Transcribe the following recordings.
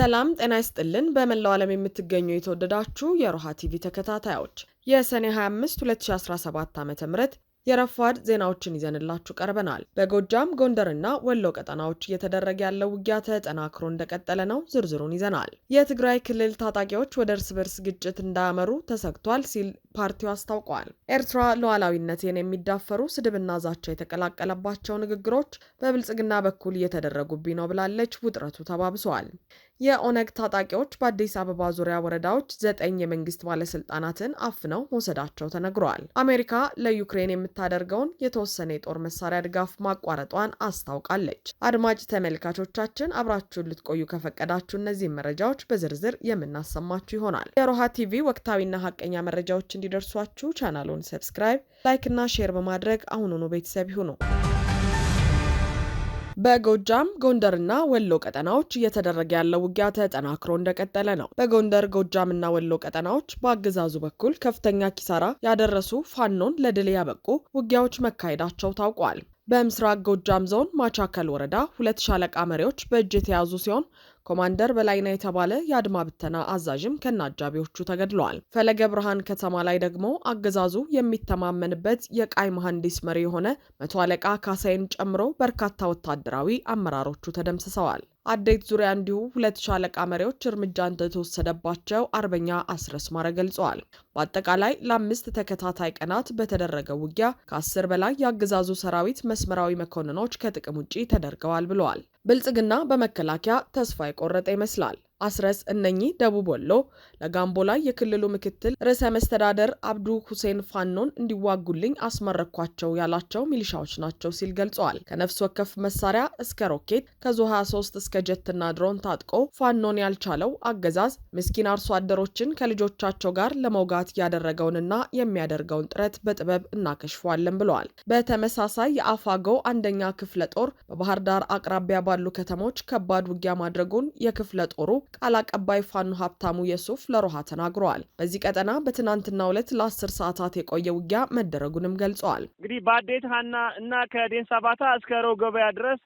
ሰላም ጤና ይስጥልን። በመላው ዓለም የምትገኙ የተወደዳችሁ የሮሃ ቲቪ ተከታታዮች የሰኔ 25 2017 ዓ ም የረፋድ ዜናዎችን ይዘንላችሁ ቀርበናል። በጎጃም ጎንደርና ወሎ ቀጠናዎች እየተደረገ ያለው ውጊያ ተጠናክሮ እንደቀጠለ ነው። ዝርዝሩን ይዘናል። የትግራይ ክልል ታጣቂዎች ወደ እርስ በርስ ግጭት እንዳያመሩ ተሰግቷል ሲል ፓርቲው አስታውቋል። ኤርትራ ሉዓላዊነቴን የሚዳፈሩ ስድብና ዛቻ የተቀላቀለባቸው ንግግሮች በብልጽግና በኩል እየተደረጉብኝ ነው ብላለች። ውጥረቱ ተባብሷል። የኦነግ ታጣቂዎች በአዲስ አበባ ዙሪያ ወረዳዎች ዘጠኝ የመንግስት ባለስልጣናትን አፍነው መውሰዳቸው ተነግረዋል። አሜሪካ ለዩክሬን የምታደርገውን የተወሰነ የጦር መሳሪያ ድጋፍ ማቋረጧን አስታውቃለች። አድማጭ ተመልካቾቻችን አብራችሁን ልትቆዩ ከፈቀዳችሁ እነዚህን መረጃዎች በዝርዝር የምናሰማችሁ ይሆናል። የሮሃ ቲቪ ወቅታዊና ሀቀኛ መረጃዎች እንዲደርሷችሁ ቻናሉን ሰብስክራይብ፣ ላይክ ሼር በማድረግ አሁኑኑ ቤተሰብ ይሁኑ። በጎጃም ጎንደርና ወሎ ቀጠናዎች እየተደረገ ያለው ውጊያ ተጠናክሮ እንደቀጠለ ነው። በጎንደር ጎጃምና ወሎ ቀጠናዎች በአገዛዙ በኩል ከፍተኛ ኪሳራ ያደረሱ ፋኖን ለድል ያበቁ ውጊያዎች መካሄዳቸው ታውቋል። በምስራቅ ጎጃም ዞን ማቻከል ወረዳ ሁለት ሻለቃ መሪዎች በእጅ የተያዙ ሲሆን ኮማንደር በላይና የተባለ የአድማ ብተና አዛዥም ከነ አጃቢዎቹ ተገድለዋል። ፈለገ ብርሃን ከተማ ላይ ደግሞ አገዛዙ የሚተማመንበት የቃይ መሐንዲስ መሪ የሆነ መቶ አለቃ ካሳይን ጨምሮ በርካታ ወታደራዊ አመራሮቹ ተደምስሰዋል። አዴት ዙሪያ እንዲሁ ሁለት ሻለቃ መሪዎች እርምጃ እንደተወሰደባቸው አርበኛ አስረስ ማረ ገልጸዋል። በአጠቃላይ ለአምስት ተከታታይ ቀናት በተደረገ ውጊያ ከአስር በላይ የአገዛዙ ሰራዊት መስመራዊ መኮንኖች ከጥቅም ውጪ ተደርገዋል ብለዋል። ብልጽግና በመከላከያ ተስፋ የቆረጠ ይመስላል። አስረስ እነኚህ ደቡብ ወሎ ለጋምቦ ላይ የክልሉ ምክትል ርዕሰ መስተዳደር አብዱ ሁሴን ፋኖን እንዲዋጉልኝ አስመረኳቸው ያላቸው ሚሊሻዎች ናቸው ሲል ገልጸዋል። ከነፍስ ወከፍ መሳሪያ እስከ ሮኬት ከዙ 23 እስከ ጀትና ድሮን ታጥቆ ፋኖን ያልቻለው አገዛዝ ምስኪን አርሶ አደሮችን ከልጆቻቸው ጋር ለመውጋት ያደረገውንና የሚያደርገውን ጥረት በጥበብ እናከሽፏለን ብለዋል። በተመሳሳይ የአፋጎ አንደኛ ክፍለ ጦር በባህር ዳር አቅራቢያ ባሉ ከተሞች ከባድ ውጊያ ማድረጉን የክፍለ ጦሩ ቃል አቀባይ ፋኖ ሀብታሙ የሱፍ ለሮሃ ተናግረዋል። በዚህ ቀጠና በትናንትናው ዕለት ለአስር ሰዓታት የቆየ ውጊያ መደረጉንም ገልጸዋል። እንግዲህ በአዴት ሀና እና ከዴንሳ ባታ እስከ ረው ገበያ ድረስ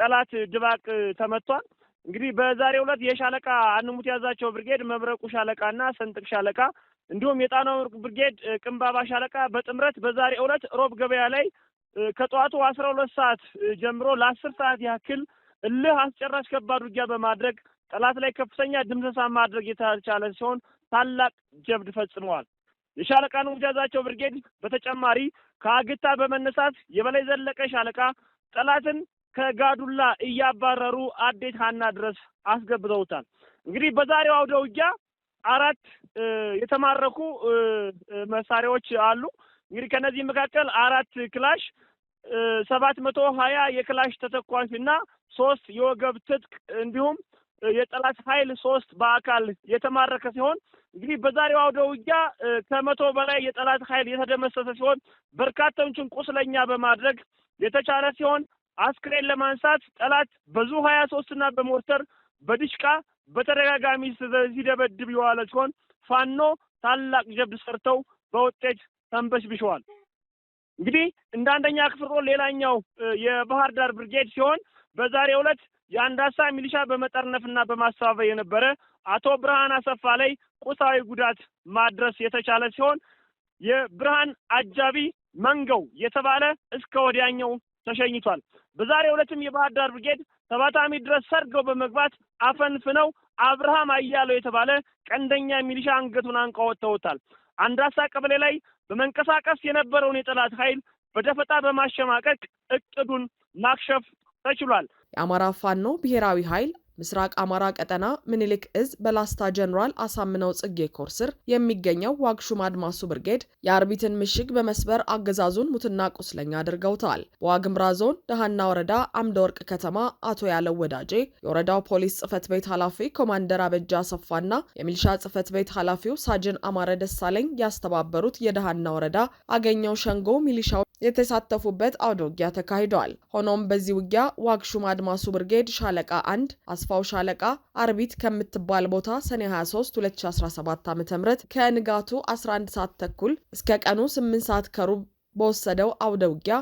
ጠላት ድባቅ ተመቷል። እንግዲህ በዛሬው ዕለት የሻለቃ አንሙት ያዛቸው ብርጌድ፣ መብረቁ ሻለቃ እና ሰንጥቅ ሻለቃ እንዲሁም የጣናው ብርጌድ ቅንባባ ሻለቃ በጥምረት በዛሬው ዕለት ሮብ ገበያ ላይ ከጠዋቱ አስራ ሁለት ሰዓት ጀምሮ ለአስር ሰዓት ያክል እልህ አስጨራሽ ከባድ ውጊያ በማድረግ ጠላት ላይ ከፍተኛ ድምሰሳ ማድረግ የተቻለ ሲሆን ታላቅ ጀብድ ፈጽመዋል። የሻለቃ ሙጃዛቸው ብርጌድ በተጨማሪ ከአግታ በመነሳት የበላይ ዘለቀ ሻለቃ ጠላትን ከጋዱላ እያባረሩ አዴት ሀና ድረስ አስገብተውታል። እንግዲህ በዛሬው አውደ ውጊያ አራት የተማረኩ መሳሪያዎች አሉ። እንግዲህ ከነዚህ መካከል አራት ክላሽ፣ ሰባት መቶ ሀያ የክላሽ ተተኳሽ እና ሶስት የወገብ ትጥቅ እንዲሁም የጠላት ኃይል ሶስት በአካል የተማረከ ሲሆን እንግዲህ በዛሬው አውደ ውጊያ ከመቶ በላይ የጠላት ኃይል የተደመሰሰ ሲሆን በርካታዎችን ቁስለኛ በማድረግ የተቻለ ሲሆን አስክሬን ለማንሳት ጠላት በዙ ሀያ ሶስትና በሞርተር በድሽቃ በተደጋጋሚ ሲደበድብ የዋለ ሲሆን ፋኖ ታላቅ ጀብድ ሰርተው በውጤት ተንበሽብሸዋል። እንግዲህ እንደ አንደኛ ክፍል ሌላኛው የባህር ዳር ብርጌድ ሲሆን በዛሬው ዕለት የአንዳሳ ሚሊሻ በመጠርነፍና በማስተባበር የነበረ አቶ ብርሃን አሰፋ ላይ ቁሳዊ ጉዳት ማድረስ የተቻለ ሲሆን የብርሃን አጃቢ መንገው የተባለ እስከ ወዲያኛው ተሸኝቷል። በዛሬ ዕለትም የባህር ዳር ብርጌድ ተባታሚ ድረስ ሰርገው በመግባት አፈንፍነው አብርሃም አያለው የተባለ ቀንደኛ ሚሊሻ አንገቱን አንቀው ወጥተውታል። አንዳሳ ቀበሌ ላይ በመንቀሳቀስ የነበረውን የጠላት ኃይል በደፈጣ በማሸማቀቅ እቅዱን ማክሸፍ ተችሏል። የአማራ ፋኖ ብሔራዊ ኃይል ምስራቅ አማራ ቀጠና ምኒልክ እዝ በላስታ ጀኔራል አሳምነው ጽጌ ኮር ስር የሚገኘው ዋግሹም አድማሱ ብርጌድ የአርቢትን ምሽግ በመስበር አገዛዙን ሙትና ቁስለኛ አድርገውታል። በዋግምራ ዞን ደሃና ወረዳ አምደ ወርቅ ከተማ አቶ ያለው ወዳጄ የወረዳው ፖሊስ ጽህፈት ቤት ኃላፊ ኮማንደር አበጃ አሰፋና የሚልሻ ጽህፈት ቤት ኃላፊው ሳጅን አማረ ደሳለኝ ያስተባበሩት የደሃና ወረዳ አገኘው ሸንጎ ሚሊሻው የተሳተፉበት አውደ ውጊያ ተካሂደዋል። ሆኖም በዚህ ውጊያ ዋግሹም አድማሱ ብርጌድ ሻለቃ አንድ አስፋው ሻለቃ አርቢት ከምትባል ቦታ ሰኔ 23 2017 ዓ ም ከንጋቱ 11 ሰዓት ተኩል እስከ ቀኑ 8 ሰዓት ከሩብ በወሰደው አውደ ውጊያ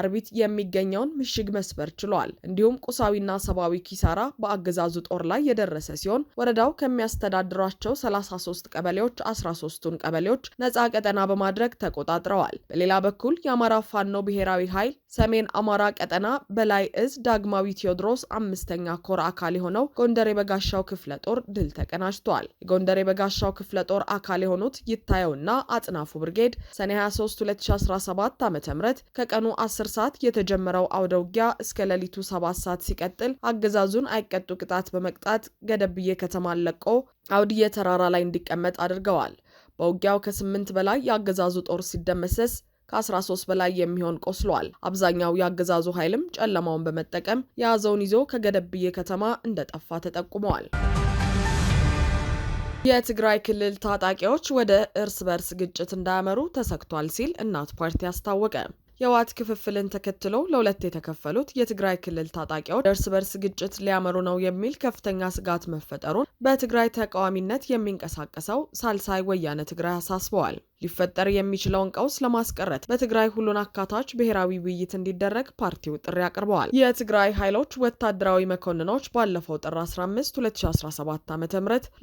አርቢት የሚገኘውን ምሽግ መስበር ችሏል። እንዲሁም ቁሳዊና ሰብአዊ ኪሳራ በአገዛዙ ጦር ላይ የደረሰ ሲሆን ወረዳው ከሚያስተዳድሯቸው 33 ቀበሌዎች 13ቱን ቀበሌዎች ነፃ ቀጠና በማድረግ ተቆጣጥረዋል። በሌላ በኩል የአማራ ፋኖ ብሔራዊ ኃይል ሰሜን አማራ ቀጠና በላይ እዝ ዳግማዊ ቴዎድሮስ አምስተኛ ኮር አካል የሆነው ጎንደር የበጋሻው ክፍለ ጦር ድል ተቀናጅቷል። የጎንደር የበጋሻው ክፍለ ጦር አካል የሆኑት ይታየውና አጽናፉ ብርጌድ ሰኔ 23 2017 ዓ ም ከቀኑ 10 10 ሰዓት የተጀመረው አውደ ውጊያ እስከ ሌሊቱ 7 ሰዓት ሲቀጥል አገዛዙን አይቀጡ ቅጣት በመቅጣት ገደብዬ ከተማን ለቆ አውድዬ ተራራ ላይ እንዲቀመጥ አድርገዋል። በውጊያው ከ8 በላይ የአገዛዙ ጦር ሲደመሰስ ከ13 በላይ የሚሆን ቆስሏል። አብዛኛው የአገዛዙ ኃይልም ጨለማውን በመጠቀም የያዘውን ይዞ ከገደብዬ ከተማ እንደጠፋ ተጠቁመዋል። የትግራይ ክልል ታጣቂዎች ወደ እርስ በርስ ግጭት እንዳያመሩ ተሰግቷል ሲል እናት ፓርቲ አስታወቀ። የዋት ክፍፍልን ተከትሎ ለሁለት የተከፈሉት የትግራይ ክልል ታጣቂዎች እርስ በርስ ግጭት ሊያመሩ ነው የሚል ከፍተኛ ስጋት መፈጠሩን በትግራይ ተቃዋሚነት የሚንቀሳቀሰው ሳልሳይ ወያነ ትግራይ አሳስበዋል። ሊፈጠር የሚችለውን ቀውስ ለማስቀረት በትግራይ ሁሉን አካታች ብሔራዊ ውይይት እንዲደረግ ፓርቲው ጥሪ አቅርበዋል። የትግራይ ኃይሎች ወታደራዊ መኮንኖች ባለፈው ጥር 15 2017 ዓ ም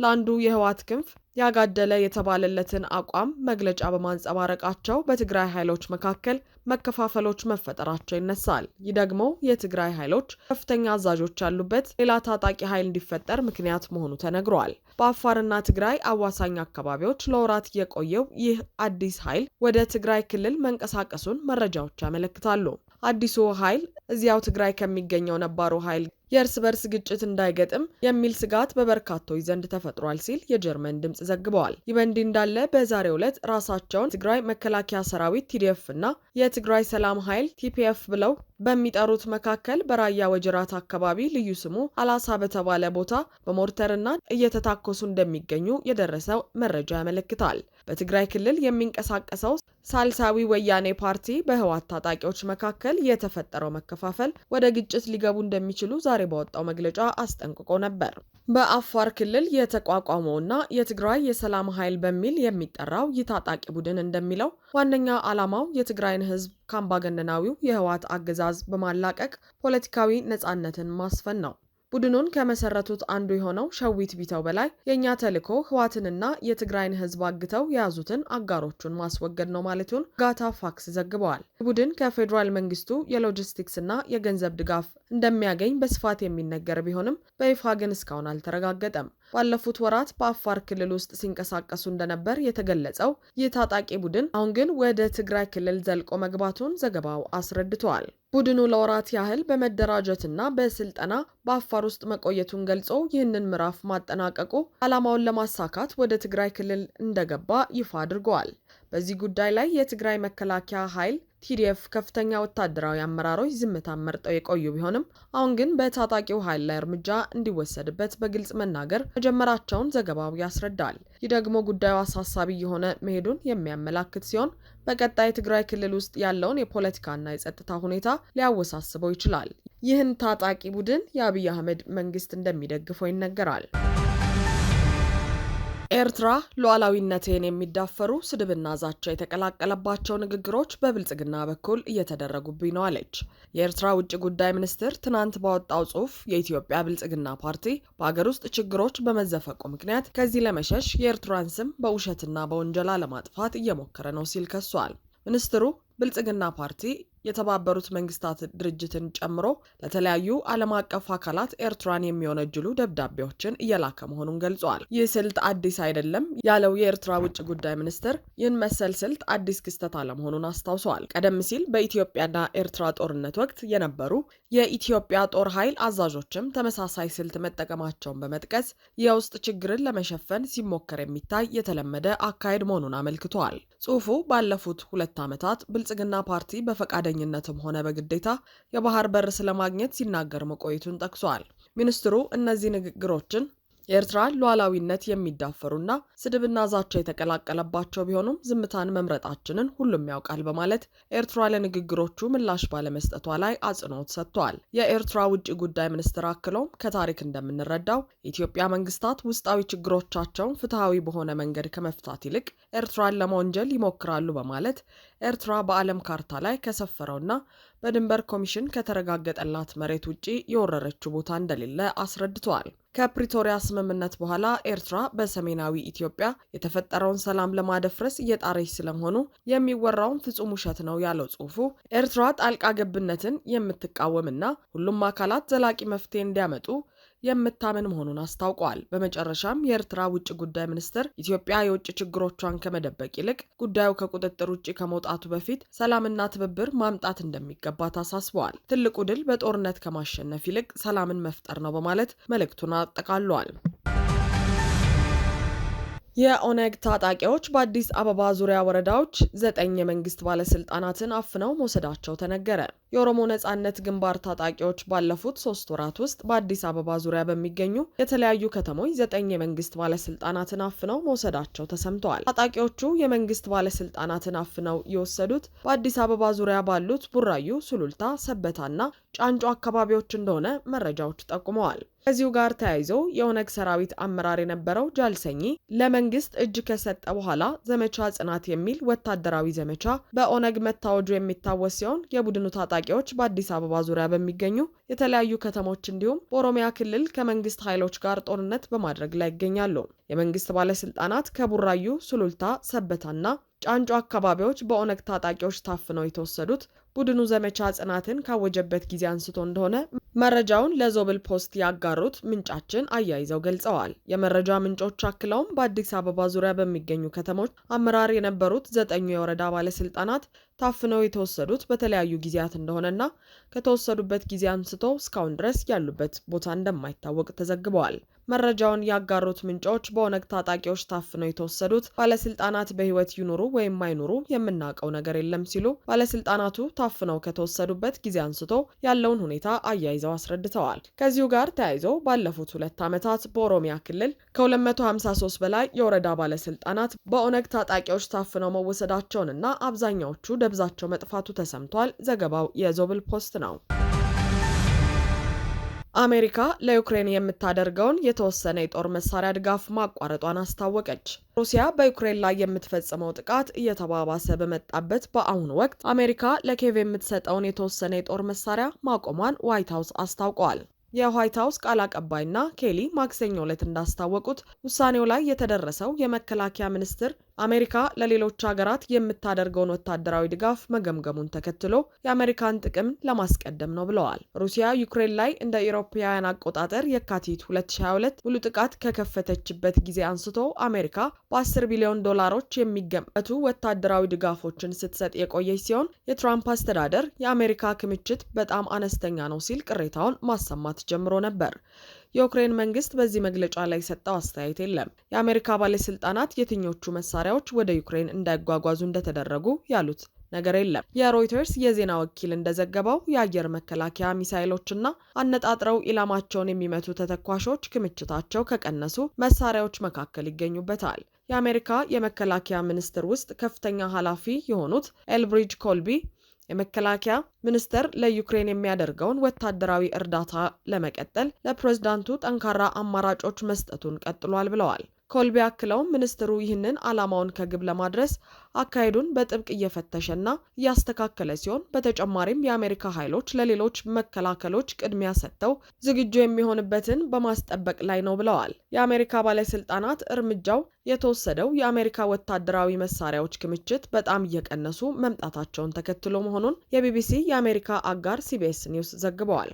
ለአንዱ የህወሓት ክንፍ ያጋደለ የተባለለትን አቋም መግለጫ በማንጸባረቃቸው በትግራይ ኃይሎች መካከል መከፋፈሎች መፈጠራቸው ይነሳል። ይህ ደግሞ የትግራይ ኃይሎች ከፍተኛ አዛዦች ያሉበት ሌላ ታጣቂ ኃይል እንዲፈጠር ምክንያት መሆኑ ተነግሯል። በአፋርና ትግራይ አዋሳኝ አካባቢዎች ለወራት የቆየው ይህ አዲስ ኃይል ወደ ትግራይ ክልል መንቀሳቀሱን መረጃዎች ያመለክታሉ። አዲሱ ኃይል እዚያው ትግራይ ከሚገኘው ነባሩ ኃይል የእርስ በርስ ግጭት እንዳይገጥም የሚል ስጋት በበርካቶች ዘንድ ተፈጥሯል ሲል የጀርመን ድምፅ ዘግበዋል። ይህ በእንዲህ እንዳለ በዛሬው ዕለት ራሳቸውን ትግራይ መከላከያ ሰራዊት ቲዲኤፍ እና የትግራይ ሰላም ኃይል ቲፒኤፍ ብለው በሚጠሩት መካከል በራያ ወጅራት አካባቢ ልዩ ስሙ አላሳ በተባለ ቦታ በሞርተርና እየተታኮሱ እንደሚገኙ የደረሰው መረጃ ያመለክታል። በትግራይ ክልል የሚንቀሳቀሰው ሳልሳዊ ወያኔ ፓርቲ በህወሓት ታጣቂዎች መካከል የተፈጠረው መከፋፈል ወደ ግጭት ሊገቡ እንደሚችሉ ዛሬ ዛሬ በወጣው መግለጫ አስጠንቅቆ ነበር። በአፋር ክልል የተቋቋመውና የትግራይ የሰላም ኃይል በሚል የሚጠራው ይህ ታጣቂ ቡድን እንደሚለው ዋነኛ ዓላማው የትግራይን ሕዝብ ከአምባገነናዊው የህወሓት አገዛዝ በማላቀቅ ፖለቲካዊ ነጻነትን ማስፈን ነው። ቡድኑን ከመሰረቱት አንዱ የሆነው ሸዊት ቢተው በላይ የእኛ ተልዕኮ ህዋትንና የትግራይን ህዝብ አግተው የያዙትን አጋሮቹን ማስወገድ ነው ማለቱን ጋታ ፋክስ ዘግበዋል። ቡድን ከፌዴራል መንግስቱ የሎጂስቲክስና የገንዘብ ድጋፍ እንደሚያገኝ በስፋት የሚነገር ቢሆንም በይፋ ግን እስካሁን አልተረጋገጠም። ባለፉት ወራት በአፋር ክልል ውስጥ ሲንቀሳቀሱ እንደነበር የተገለጸው ይህ ታጣቂ ቡድን አሁን ግን ወደ ትግራይ ክልል ዘልቆ መግባቱን ዘገባው አስረድተዋል። ቡድኑ ለወራት ያህል በመደራጀትና በስልጠና በአፋር ውስጥ መቆየቱን ገልጾ ይህንን ምዕራፍ ማጠናቀቁ ዓላማውን ለማሳካት ወደ ትግራይ ክልል እንደገባ ይፋ አድርገዋል። በዚህ ጉዳይ ላይ የትግራይ መከላከያ ኃይል ቲዲኤፍ ከፍተኛ ወታደራዊ አመራሮች ዝምታን መርጠው የቆዩ ቢሆንም አሁን ግን በታጣቂው ኃይል ላይ እርምጃ እንዲወሰድበት በግልጽ መናገር መጀመራቸውን ዘገባው ያስረዳል። ይህ ደግሞ ጉዳዩ አሳሳቢ የሆነ መሄዱን የሚያመላክት ሲሆን በቀጣይ ትግራይ ክልል ውስጥ ያለውን የፖለቲካና የጸጥታ ሁኔታ ሊያወሳስበው ይችላል። ይህን ታጣቂ ቡድን የአብይ አህመድ መንግስት እንደሚደግፈው ይነገራል። ኤርትራ ሉዓላዊነቴን የሚዳፈሩ ስድብና ዛቻ የተቀላቀለባቸው ንግግሮች በብልጽግና በኩል እየተደረጉብኝ ነው አለች። የኤርትራ ውጭ ጉዳይ ሚኒስትር ትናንት ባወጣው ጽሑፍ የኢትዮጵያ ብልጽግና ፓርቲ በሀገር ውስጥ ችግሮች በመዘፈቁ ምክንያት ከዚህ ለመሸሽ የኤርትራን ስም በውሸትና በወንጀላ ለማጥፋት እየሞከረ ነው ሲል ከሷል። ሚኒስትሩ ብልጽግና ፓርቲ የተባበሩት መንግስታት ድርጅትን ጨምሮ ለተለያዩ ዓለም አቀፍ አካላት ኤርትራን የሚወነጅሉ ደብዳቤዎችን እየላከ መሆኑን ገልጸዋል። ይህ ስልት አዲስ አይደለም ያለው የኤርትራ ውጭ ጉዳይ ሚኒስትር ይህን መሰል ስልት አዲስ ክስተት አለመሆኑን አስታውሰዋል። ቀደም ሲል በኢትዮጵያና ኤርትራ ጦርነት ወቅት የነበሩ የኢትዮጵያ ጦር ኃይል አዛዦችም ተመሳሳይ ስልት መጠቀማቸውን በመጥቀስ የውስጥ ችግርን ለመሸፈን ሲሞከር የሚታይ የተለመደ አካሄድ መሆኑን አመልክተዋል። ጽሑፉ ባለፉት ሁለት ዓመታት ብልጽግና ፓርቲ በፈቃደኝነትም ሆነ በግዴታ የባህር በር ስለማግኘት ሲናገር መቆየቱን ጠቅሷል። ሚኒስትሩ እነዚህ ንግግሮችን የኤርትራ ሉዓላዊነት የሚዳፈሩና ስድብና ዛቻ የተቀላቀለባቸው ቢሆኑም ዝምታን መምረጣችንን ሁሉም ያውቃል በማለት ኤርትራ ለንግግሮቹ ምላሽ ባለመስጠቷ ላይ አጽንኦት ሰጥቷል። የኤርትራ ውጭ ጉዳይ ሚኒስትር አክለውም ከታሪክ እንደምንረዳው የኢትዮጵያ መንግስታት ውስጣዊ ችግሮቻቸውን ፍትሐዊ በሆነ መንገድ ከመፍታት ይልቅ ኤርትራን ለመወንጀል ይሞክራሉ በማለት ኤርትራ በዓለም ካርታ ላይ ከሰፈረውና በድንበር ኮሚሽን ከተረጋገጠላት መሬት ውጪ የወረረችው ቦታ እንደሌለ አስረድተዋል። ከፕሪቶሪያ ስምምነት በኋላ ኤርትራ በሰሜናዊ ኢትዮጵያ የተፈጠረውን ሰላም ለማደፍረስ እየጣረች ስለመሆኑ የሚወራውን ፍጹም ውሸት ነው ያለው ጽሁፉ፣ ኤርትራ ጣልቃ ገብነትን የምትቃወምና ሁሉም አካላት ዘላቂ መፍትሄ እንዲያመጡ የምታምን መሆኑን አስታውቋል። በመጨረሻም የኤርትራ ውጭ ጉዳይ ሚኒስትር ኢትዮጵያ የውጭ ችግሮቿን ከመደበቅ ይልቅ ጉዳዩ ከቁጥጥር ውጭ ከመውጣቱ በፊት ሰላምና ትብብር ማምጣት እንደሚገባ ታሳስበዋል። ትልቁ ድል በጦርነት ከማሸነፍ ይልቅ ሰላምን መፍጠር ነው በማለት መልእክቱን አጠቃለዋል። የኦነግ ታጣቂዎች በአዲስ አበባ ዙሪያ ወረዳዎች ዘጠኝ የመንግስት ባለስልጣናትን አፍነው መውሰዳቸው ተነገረ። የኦሮሞ ነጻነት ግንባር ታጣቂዎች ባለፉት ሶስት ወራት ውስጥ በአዲስ አበባ ዙሪያ በሚገኙ የተለያዩ ከተሞች ዘጠኝ የመንግስት ባለስልጣናትን አፍነው መውሰዳቸው ተሰምተዋል። ታጣቂዎቹ የመንግስት ባለስልጣናትን አፍነው የወሰዱት በአዲስ አበባ ዙሪያ ባሉት ቡራዩ፣ ሱሉልታ፣ ሰበታና ጫንጮ አካባቢዎች እንደሆነ መረጃዎች ጠቁመዋል። ከዚሁ ጋር ተያይዞ የኦነግ ሰራዊት አመራር የነበረው ጃልሰኚ ለመንግስት እጅ ከሰጠ በኋላ ዘመቻ ጽናት የሚል ወታደራዊ ዘመቻ በኦነግ መታወጁ የሚታወስ ሲሆን የቡድኑ ታጣቂ ታጣቂዎች በአዲስ አበባ ዙሪያ በሚገኙ የተለያዩ ከተሞች እንዲሁም በኦሮሚያ ክልል ከመንግስት ኃይሎች ጋር ጦርነት በማድረግ ላይ ይገኛሉ። የመንግስት ባለስልጣናት ከቡራዩ፣ ሱሉልታ፣ ሰበታና ጫንጮ አካባቢዎች በኦነግ ታጣቂዎች ታፍነው የተወሰዱት ቡድኑ ዘመቻ ጽናትን ካወጀበት ጊዜ አንስቶ እንደሆነ መረጃውን ለዞብል ፖስት ያጋሩት ምንጫችን አያይዘው ገልጸዋል። የመረጃ ምንጮች አክለውም በአዲስ አበባ ዙሪያ በሚገኙ ከተሞች አመራር የነበሩት ዘጠኙ የወረዳ ባለስልጣናት ታፍነው የተወሰዱት በተለያዩ ጊዜያት እንደሆነና ከተወሰዱበት ጊዜ አንስቶ እስካሁን ድረስ ያሉበት ቦታ እንደማይታወቅ ተዘግበዋል። መረጃውን ያጋሩት ምንጮች በኦነግ ታጣቂዎች ታፍነው የተወሰዱት ባለስልጣናት በህይወት ይኑሩ ወይም አይኑሩ የምናውቀው ነገር የለም ሲሉ ባለስልጣናቱ ታፍነው ከተወሰዱበት ጊዜ አንስቶ ያለውን ሁኔታ አያይዘው አስረድተዋል። ከዚሁ ጋር ተያይዞ ባለፉት ሁለት ዓመታት በኦሮሚያ ክልል ከ253 በላይ የወረዳ ባለስልጣናት በኦነግ ታጣቂዎች ታፍነው መወሰዳቸውንና አብዛኛዎቹ ደብዛቸው መጥፋቱ ተሰምቷል። ዘገባው የዞብል ፖስት ነው። አሜሪካ ለዩክሬን የምታደርገውን የተወሰነ የጦር መሳሪያ ድጋፍ ማቋረጧን አስታወቀች። ሩሲያ በዩክሬን ላይ የምትፈጽመው ጥቃት እየተባባሰ በመጣበት በአሁኑ ወቅት አሜሪካ ለኬቭ የምትሰጠውን የተወሰነ የጦር መሳሪያ ማቆሟን ዋይት ሀውስ አስታውቀዋል። የዋይት ሀውስ ቃል አቀባይና ኬሊ ማክሰኞ ዕለት እንዳስታወቁት ውሳኔው ላይ የተደረሰው የመከላከያ ሚኒስትር አሜሪካ ለሌሎች ሀገራት የምታደርገውን ወታደራዊ ድጋፍ መገምገሙን ተከትሎ የአሜሪካን ጥቅም ለማስቀደም ነው ብለዋል። ሩሲያ ዩክሬን ላይ እንደ አውሮፓውያን አቆጣጠር የካቲት 2022 ሙሉ ጥቃት ከከፈተችበት ጊዜ አንስቶ አሜሪካ በ10 ቢሊዮን ዶላሮች የሚገመቱ ወታደራዊ ድጋፎችን ስትሰጥ የቆየች ሲሆን የትራምፕ አስተዳደር የአሜሪካ ክምችት በጣም አነስተኛ ነው ሲል ቅሬታውን ማሰማት ጀምሮ ነበር። የዩክሬን መንግስት በዚህ መግለጫ ላይ የሰጠው አስተያየት የለም። የአሜሪካ ባለስልጣናት የትኞቹ መሳሪያዎች ወደ ዩክሬን እንዳይጓጓዙ እንደተደረጉ ያሉት ነገር የለም። የሮይተርስ የዜና ወኪል እንደዘገበው የአየር መከላከያ ሚሳይሎችና አነጣጥረው ኢላማቸውን የሚመቱ ተተኳሾች ክምችታቸው ከቀነሱ መሳሪያዎች መካከል ይገኙበታል። የአሜሪካ የመከላከያ ሚኒስቴር ውስጥ ከፍተኛ ኃላፊ የሆኑት ኤልብሪጅ ኮልቢ የመከላከያ ሚኒስቴር ለዩክሬን የሚያደርገውን ወታደራዊ እርዳታ ለመቀጠል ለፕሬዝዳንቱ ጠንካራ አማራጮች መስጠቱን ቀጥሏል ብለዋል። ኮልቢ አክለውም ሚኒስትሩ ይህንን ዓላማውን ከግብ ለማድረስ አካሄዱን በጥብቅ እየፈተሸና እያስተካከለ ሲሆን በተጨማሪም የአሜሪካ ኃይሎች ለሌሎች መከላከሎች ቅድሚያ ሰጥተው ዝግጁ የሚሆንበትን በማስጠበቅ ላይ ነው ብለዋል። የአሜሪካ ባለስልጣናት እርምጃው የተወሰደው የአሜሪካ ወታደራዊ መሳሪያዎች ክምችት በጣም እየቀነሱ መምጣታቸውን ተከትሎ መሆኑን የቢቢሲ የአሜሪካ አጋር ሲቢኤስ ኒውስ ዘግበዋል።